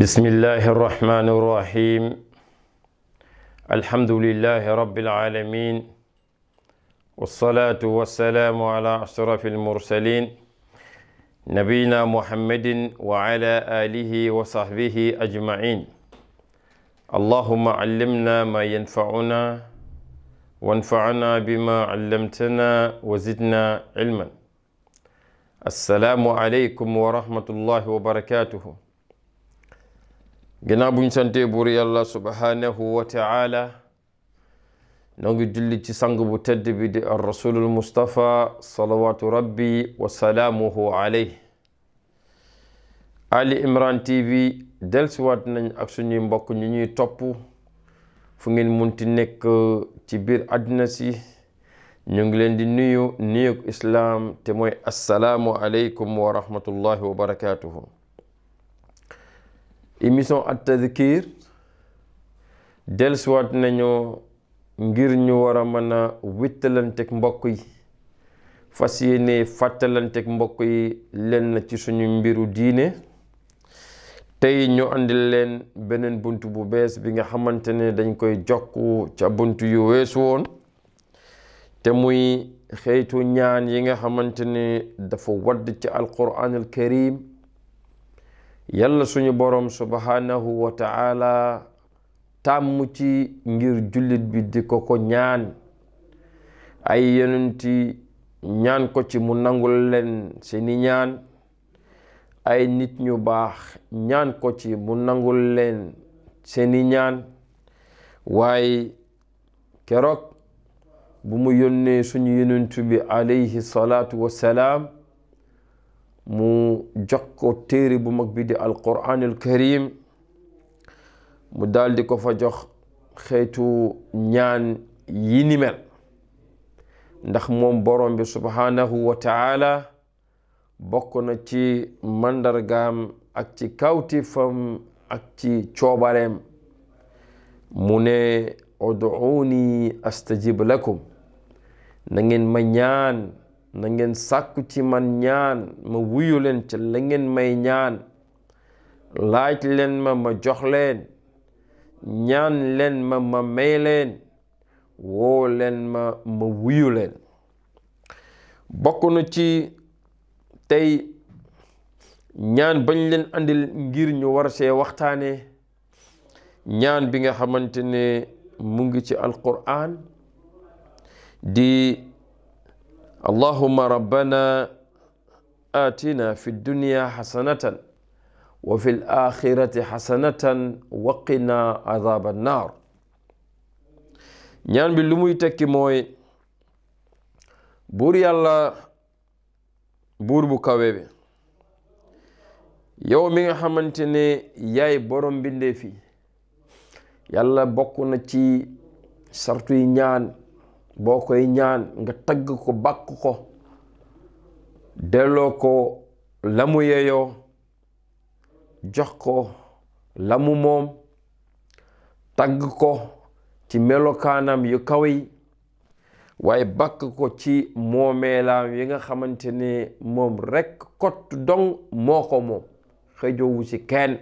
بسم الله الرحمن الرحيم الحمد لله رب العالمين والصلاة والسلام على أشرف المرسلين نبينا محمد وعلى آله وصحبه أجمعين اللهم علمنا ما ينفعنا وانفعنا بما علمتنا وزدنا علما السلام عليكم ورحمة الله وبركاته ginnaaw buñ santee buur yàlla subhaanahu wa taala noo ngi julli ci sang bu tedd bi di ar rasulul mustapha salawaatu rabbi wa salaamuhu alayh ali imran tv delsiwaat nañ ak suñuy mbokk ñu ñuy topp fu ngeen munti nekk ci biir àddina si ñu ngi leen di nuyu nuyug islaam te mooy assalaamu aleykum wa rahmatullahi wa barakatuhu émission at tadkir dellusiwaat nañu ngir ñu war a mën a wittalanteeg mbokk yi fas yéene fàttalanteeg mbokk yi lenn ci suñu mbiru diine tey ñu andil leen beneen bunt bu bees bi nga xamante ne dañ koy jokk ca bunt yu weesu woon te muy xëytu ñaan yi nga xamante ne dafa wadd ci alquranul karim yàlla suñu borom subhanahu wa ta'ala tàmm ci ngir jullit bi di ko ko ñaan ay yonenti ñaan ko ci mu nangul leen seeni ñaan ay nit ñu baax ñaan ko ci mu nangul leen seeni ñaan waaye keroog bu mu yónnee suñu yonentu bi alayhi salaatu wassalaam mu jox ko téere bu mag bi di alquranul karim mu daldi ko fa jox xeetu ñaan yi ndax moom borom bi subhaanahu wa bokk na ci màndargaam ak ci kawtifam ak ci coobareem mu ne uduuni astajib lakum na ma ñaan na ngeen sàkku ci man ñaan ma wuyu leen ca la ngeen may ñaan laaj leen ma ma jox leen ñaan leen ma ma may leen woo leen ma ma wuyu leen bokk na ci tey ñaan bañ leen andil ngir ñu war see waxtaane ñaan bi nga xamante ne mu ngi ci alquran di اللهم ربنا آتنا في الدنيا حسنة وفي الآخرة حسنة وقنا عذاب النار ñaan bi lu muy mooy buur yàlla buur bu kawe bi yow mi nga xamante ne yaay borom mbindee fi yàlla bokk na ci sartu yi ñaan boo koy ñaan nga tagg ko bàkk ko delloo ko la mu yeyoo jox ko la mu moom tagg ko ci melokaanam yu kaw yi waaye bàkk ko ci moomeelaam yi nga xamante ne moom rekk kott dong moo ko moom xëjowu ci kenn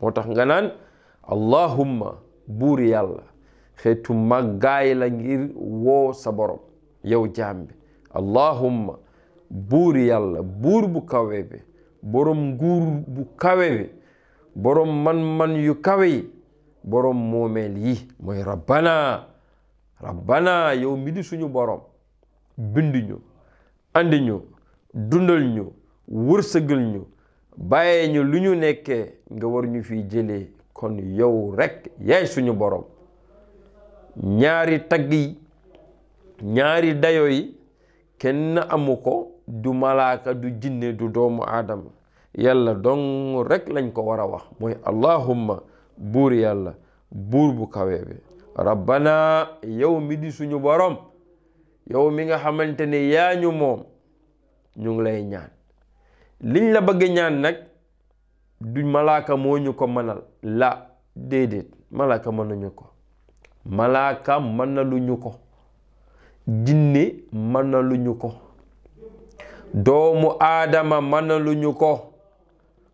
moo tax nga naan allahumma buur yàlla xeetu màggaay la ngir woo sa borom yow jaam bi allahumma buur yàlla buur bu kawe bi borom nguur bu kawe bi borom man-man yu kawe yi borom moomeel yi mooy rabbana rabbana yow mi di suñu boroom bind ñu andi ñu dundal ñu wërsëgal ñu bàyyee ñu lu ñu nekkee nga war ñu fi jëlee kon yow rekk yaay suñu boroom ñaari tagg yi ñaari dayo yi kenn amu ko du malaaka du jinne du doomu aadama yàlla dong rekk lañ ko war a wax mooy allahumma buur yàlla buur bu kawe bi rabbana yow mi di suñu borom yow mi nga xamante ni yaa ñu moom ñu ngi lay ñaan liñ la bëgg ñaan nag du malaaka moo ñu ko mënal la déedéet malaaka mënuñu ko malaaka mën na ko jinne mën na ko doomu aadama mën ko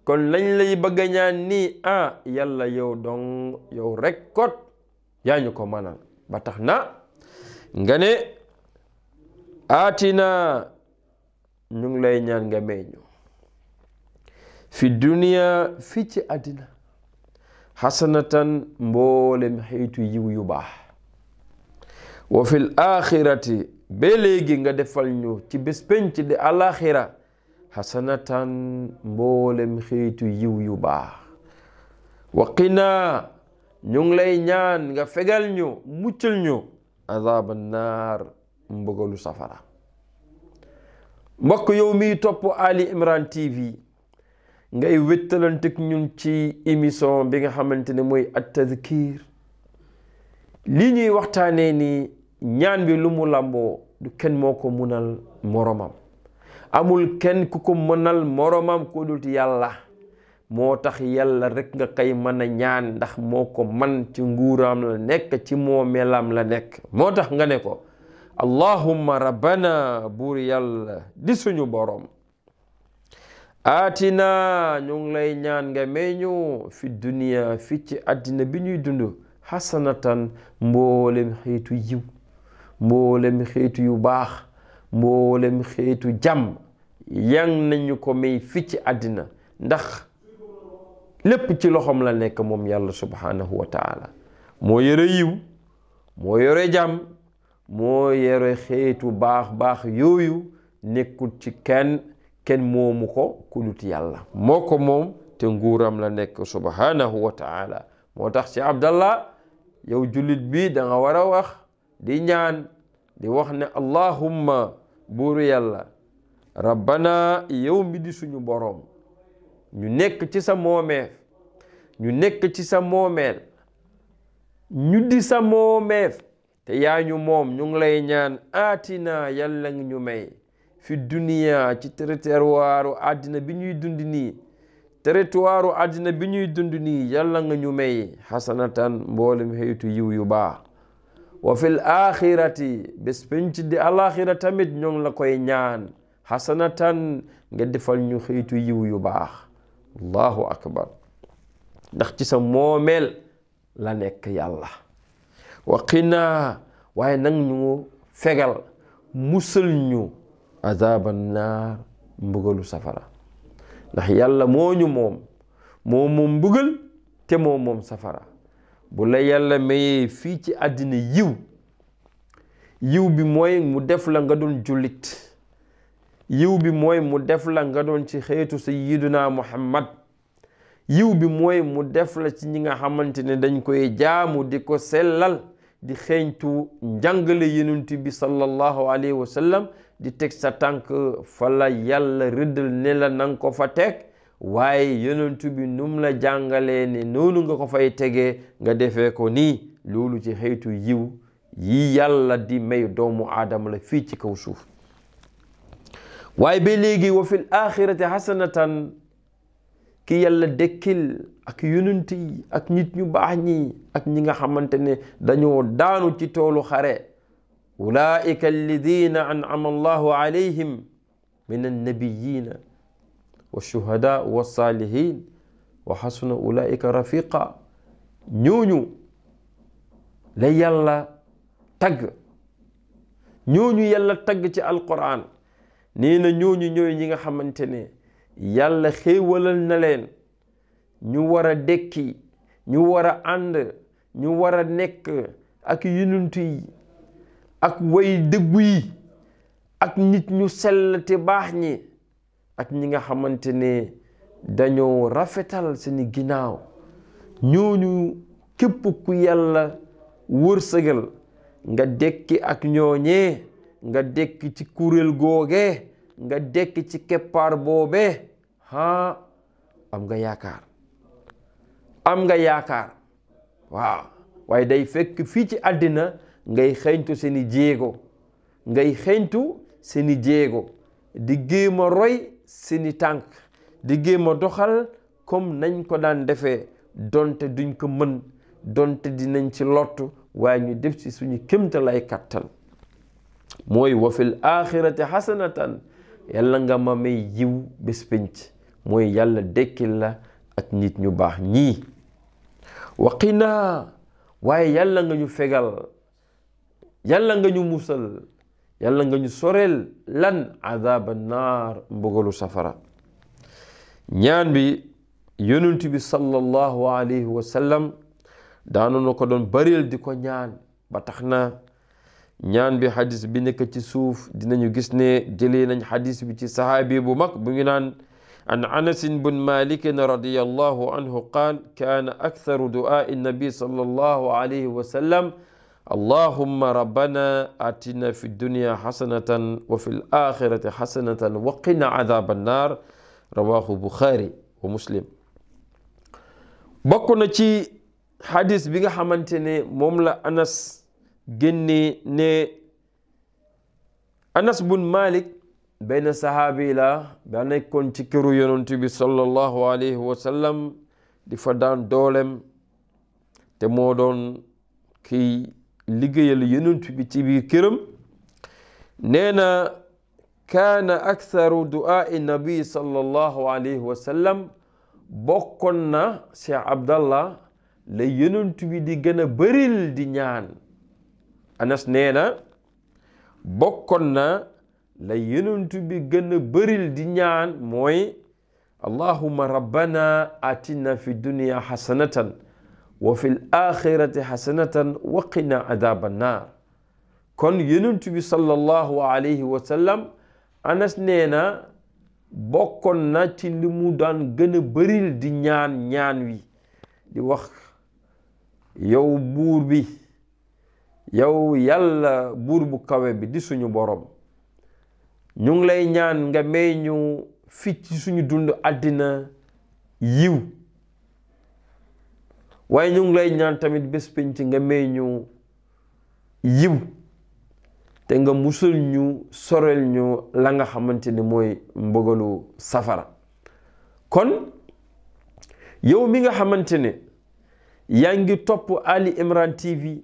kon lañ lay bëgg ñaan nii ah yàlla yow dong yow rek kot yaa ñu ko mënal ba tax na nga ne aatina ñu ngi lay ñaan nga may fi duniya fii ci àddina xasanatan mboolem xeetu yiw yu baax wa fil axirati ba léegi nga defal ñu ci bés penc di alaxira xasanatan mboolem xeetu yiw yu baax waqinaa ñu ngi lay ñaan nga fegal ñu muccal ñu azaba naar mbugalu safara mbokk yow miy topp Ali Imran TV ngay wéttalantek ñun ci émission bi nga xamante ne mooy at-tazkir li ñuy waxtaanee nii ñaan bi lu mu làmboo du kenn moo ko munal moroomam amul kenn ku ko mënal moroomam ko dul yàlla moo tax yàlla rekk nga kay mën a ñaan ndax moo ko man ci nguuram la nekk ci moomeelam la nekk moo tax nga ne ko allahumma rabbana buur yàlla di suñu boroom aatina ñu ngi lay ñaan nga may ñu fi duniya fii ci àddina bi ñuy dund xasanatan mboolem xeetu yiw mboolem xeetu yu baax mboolem xeetu jàmm yan nañu ko may fii ci àddina ndax lépp ci loxoom la nekk moom yàlla subhaanahu wa moo yére yiw moo yore jàmm moo yore xeetu baax baax yooyu nekkul ci kenn kenn moomu ko ku yàlla moo ko moom te nguuram la nekk subhanahu wa moo tax ci abdallah yow jullit bi da war a wax di ñaan di wax ne allahumma buuru yàlla rabbana yow mi suñu boroom ñu nekk ci sa moomeef ñu nekk ci sa moomeel ñu di sa moomeef te yaa ñu moom ñu ngi lay ñaan aatina yàlla ngi ñu may fi duniya ci territoire u àddina bi ñuy dund nii territoire àddina bi ñuy dund nii yàlla nga ñu may xasanatan mboolem xëytu yiw yu baax wa fil axirati bés penc di alaxira tamit ñoo la koy ñaan xasanatan nga defal ñu xëytu yiw yu baax allahu akbar ndax ci sa moomeel la nekk yàlla wa waaye nag ñu fegal musal ñu azaban naar mbugalu safara ndax yàlla moo ñu moom moo moom mbugal te moo moom safara bu la yàlla mayee fii ci àddina yiw yiw bi mooy mu def la nga doon bi mooy def la nga doon ci xeetu sayyiduna muhammad yiw bi mooy mu def la ci ñi nga xamante ne dañ koy jaamu di ko sellal di xeeñtu njàngale yonent bi sallallahu alayhi wa di teg sa tànk fa la yàlla rëddal ne la nanga ko fa teg waaye yonent bi num la jàngale ne noonu nga ko fay tege nga defee ko nii loolu ci xeetu yiw yi yàlla di may doomu aadama la fii ci kaw suuf waaye ba léegi wa fil axirati xasanatan ki yàlla dekkil ak yonent yi ak nit ñu baax ñi ak ñi nga xamante ne dañoo daanu ci toolu xare ulaika alladina an'ama allahu alayhim min annabiyina walshuhada walsalihin wa xasuna ulaika rafiqa ñooñu la yàlla tagg ñooñu yàlla tagg ci alquran nee na ñooñu ñooy ñi nga xamante ne yàlla xéewalal na leen ñu war a dekki ñu war a ànd ñu war a nekk ak yonent ak way dëggu yi ak nit ñu sell baax ñi ak ñi nga xamante ne dañoo rafetal seeni ginnaaw ñooñu képp ku yàlla wërsëgal nga dekki ak ñooñee nga dekki ci kuréel googe nga dekki ci keppaar boobe haa am nga yaakaar am nga yaakaar waaw waaye day fekk fii ci àddina ngay xeeñtu seeni jéego ngay xeeñtu seeni jéego di géem roy seeni tànk di géem doxal comme nañ ko daan defee donte duñ ko mën donte dinañ ci lottu waaye ñu def ci suñu kemtal ay kàttan mooy wa fil axirati xasanatan yàlla nga ma may yiw bés pénc mooy yàlla dekkil la ak nit ñu baax ñii waqinaa waaye yàlla nga ñu fegal yàlla nga ñu musal yàlla nga ñu soreel lan adaba naar mbugalu safara ñaan bi yonent bi sallallahu alayhi wa sallam daanu na ko doon baril di ko ñaan ba tax na ñaan bi xadis bi nekk ci suuf dinañu gis ne jëlee nañ xadis bi ci sahaabi bu mag bu ñu naan عن أنس بن مالك رضي الله عنه قال كان أكثر دعاء النبي صلى الله عليه allahumma rabbana atina fi dunia xasanatan wa fi l axirati wa qina adaba annaar rawahu buxaari wa muslim bokk na ci xadis bi nga xamante ne moom la anas génne ne anas bun malik benn sahaabi la daa nekkoon ci këru yonent bi sallallahu alayhi wa sallam di fa daan doolem te moo doon kii liggéeyal yonent bi ci biir këram nee na kaana aktharu duaai nabi sallallahu alayhi wa sallam bokkoon na Cheikh Abdallah la yonent bi di gën a di ñaan Anas nee na bokkoon na la yonent bi gën a di ñaan mooy allahumma rabbana atina fi dunya hasanatan wa fil axirati xasanatan wa kon yenentu bi sallallahu alayhi wa anas nee na bokkoon na ci li mu daan gën a di ñaan ñaan wi di wax yow buur bi yow yàlla buur bu kawe bi di suñu boroom ñu ngi lay ñaan nga may ñu fi ci suñu dund àddina yiw waaye ñu ngi lay ñaan tamit bés pénc nga may ñu yiw te nga musal ñu sorel ñu la nga xamante ni mooy mbugalu safara kon yow mi nga xamante ne yaa ngi topp Ali Imran TV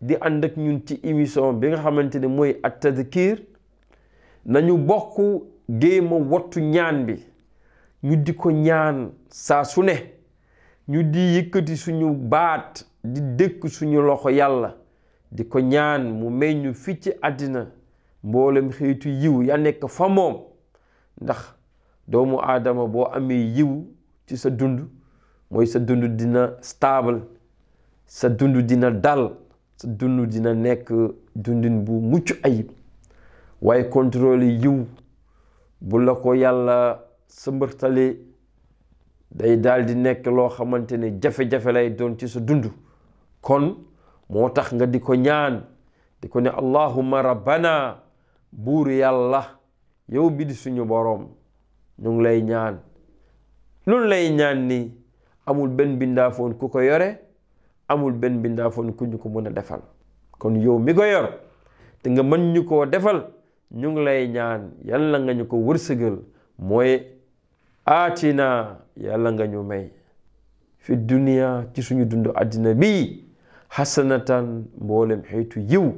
di ànd ak ñun ci émission bi nga xamante ne mooy at-tadhkir nañu bokk géema wattu ñaan bi ñu di ko ñaan saa su ne ñu di yëkkati suñu baat di dëkk suñu loxo yàlla di ko ñaan mu may ñu ci àddina mboolem xeetu yiw ya nekk fa moom ndax doomu aadama boo amee yiw ci sa dund mooy sa dund dina stable sa dund dina dal sa dund dina nekk dundin bu mucc ayib waaye contrôle yiw bu la ko yàlla sëmbërtale day daal di nekk loo xamante ne jafe-jafe lay doon ci sa dund kon moo tax nga di ko ñaan di ko ne allahumma rabbana buur yàlla yow bi di suñu boroom ñu ngi lay ñaan lu lay ñaan ni amul benn bindaafoon ku ko yore amul benn bindaafoon ku ñu ko mën a defal kon yow mi ko yor te nga mën ñu koo defal ñu ngi lay ñaan yàlla nga ñu ko wërsëgal mooy aatina yàlla nga ñu may fi duniya ci suñu dund àddina bi xasanatan mboolem xeetu yiw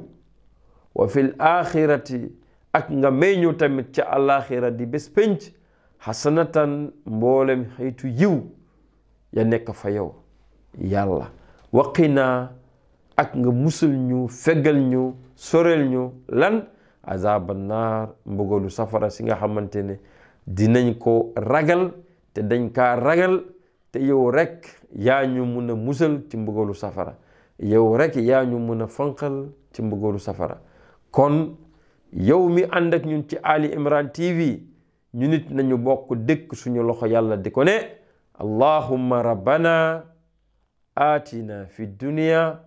wa fil axirati ak nga may ñu tamit ca alaxira di bés pénc xasanatan mboolem xeetu yiw ya nekk fa yow yàlla waqinaa ak nga musul ñu fegal ñu sorel ñu lan azaban naar mbugalu safara si nga xamante ne dinañ ko ragal te dañ ka ragal te yow rekk yaa ñu mun a musal ci mbugalu safara yow rekk yaa ñu mun a fanqal ci mbugalu safara kon yow mi ànd ak ñun ci Ali Imran TV ñu nit nañu bokk dëkk suñu loxo yàlla di ko ne allahumma rabbana atina fi dunya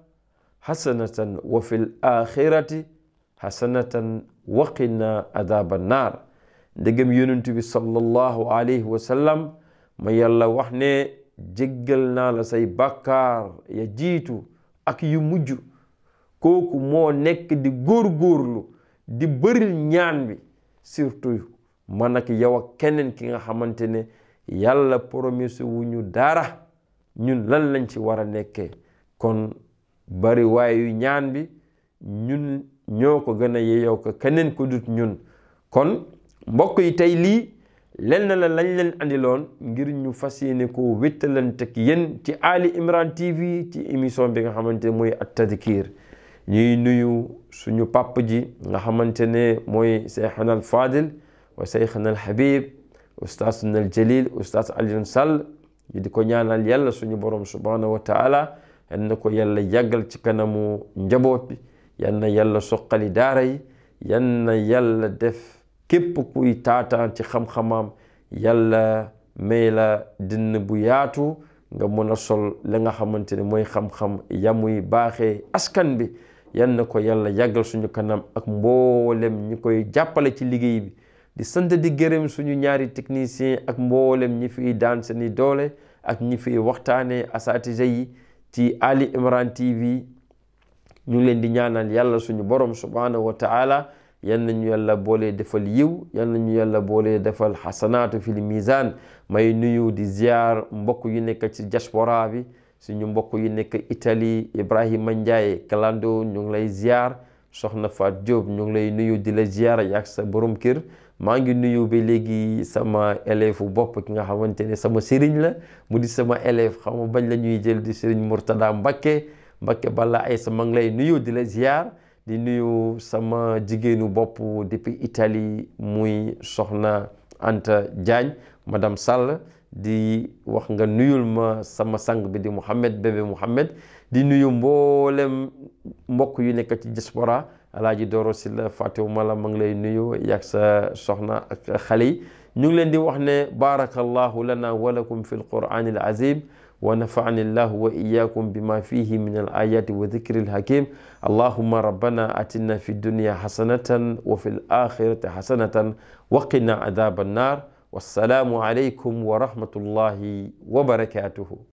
hasanatan wa fil akhirati hasanatan wa qina adhaban ndegem yonent bi sallallahu alayhi wa sallam ma yàlla wax ne jéggal naa la say bàkkaar ya jiitu ak yu mujj kooku moo nekk di góor-góorlu di bëril ñaan bi surtout man ak yow ak keneen ki nga xamante ne yàlla promise wu ñu dara ñun lan lañ ci war a nekkee kon bari waayu ñaan bi ñun ñoo ko gën a yeyoo ko keneen ko dut ñun kon mbokk yi tey lii lenn la lañ leen andiloon ngir ñu fas yéene koo wéttalante ak yéen ci Ali Imran TV ci émission bi nga xamante ne mooy at tadkir ñuy nuyu suñu pàpp ji nga xamante ne mooy Seyxana al Fadil wa Seyxana al Habib ustaasuna al Jalil ustaas Alioune Sall ñu di ko ñaanal yàlla suñu borom subhanahu wa taala ko yàlla yàggal ci kanamu njaboot bi yal yàlla soqali daara yi yal na def. képp kuy taataan ci xam-xamam yàlla may la dinn bu yaatu nga mën a sol li nga xamante ne mooy xam-xam yi baaxee askan bi yan na ko yàlla yàggal suñu kanam ak mboolem ñi koy jàppale ci liggéey bi di sant di gërëm suñu ñaari technicien ak mboolem ñi fi daan seeni doole ak ñi fiy waxtaanee asatija yi ci Ali Imran TV ñu leen di ñaanal yàlla suñu borom subhanahu wa yan nañu yàlla boolee defal yiw yal nañu yàlla boolee defal xasanaatu fil misaan may nuyu di ziar mbokk yu nekk ci diaspora bi suñu mbokk yu nekk Italie Ibrahima Ndiaye Kalando ñu ngi lay ziar soxna Faat Diop ñu ngi lay nuyu di la ziar yaak sa borom kër maa ngi nuyu ba léegi sama élève bopp ki nga xamante ne sama sëriñ la mu di sama élève xam nga bañ la ñuy jël di sëriñ Mourtada Mbakke Mbakke bala ay sa maa ngi lay nuyu di la ziar. di nuyu sama jigéenu bopp depuis itali muy soxna Anta Diagne madame Sall di wax nga nuyul ma sama sang bi di Mouhamed bébé Mouhamed di nuyu mboolem mbokk yu nekk ci diaspora alaaji Doro Sylla Fatou Mala ma ngi lay nuyu yàgg sa soxna ak xale yi ñu ngi leen di wax ne baarakallahu lana wa lakum fi l qur'ani azim ونفعني الله وإياكم بما فيه من الآيات وذكر الحكيم اللهم ربنا أتنا في الدنيا حسنة وفي الآخرة حسنة وقنا عذاب النار والسلام عليكم ورحمة الله وبركاته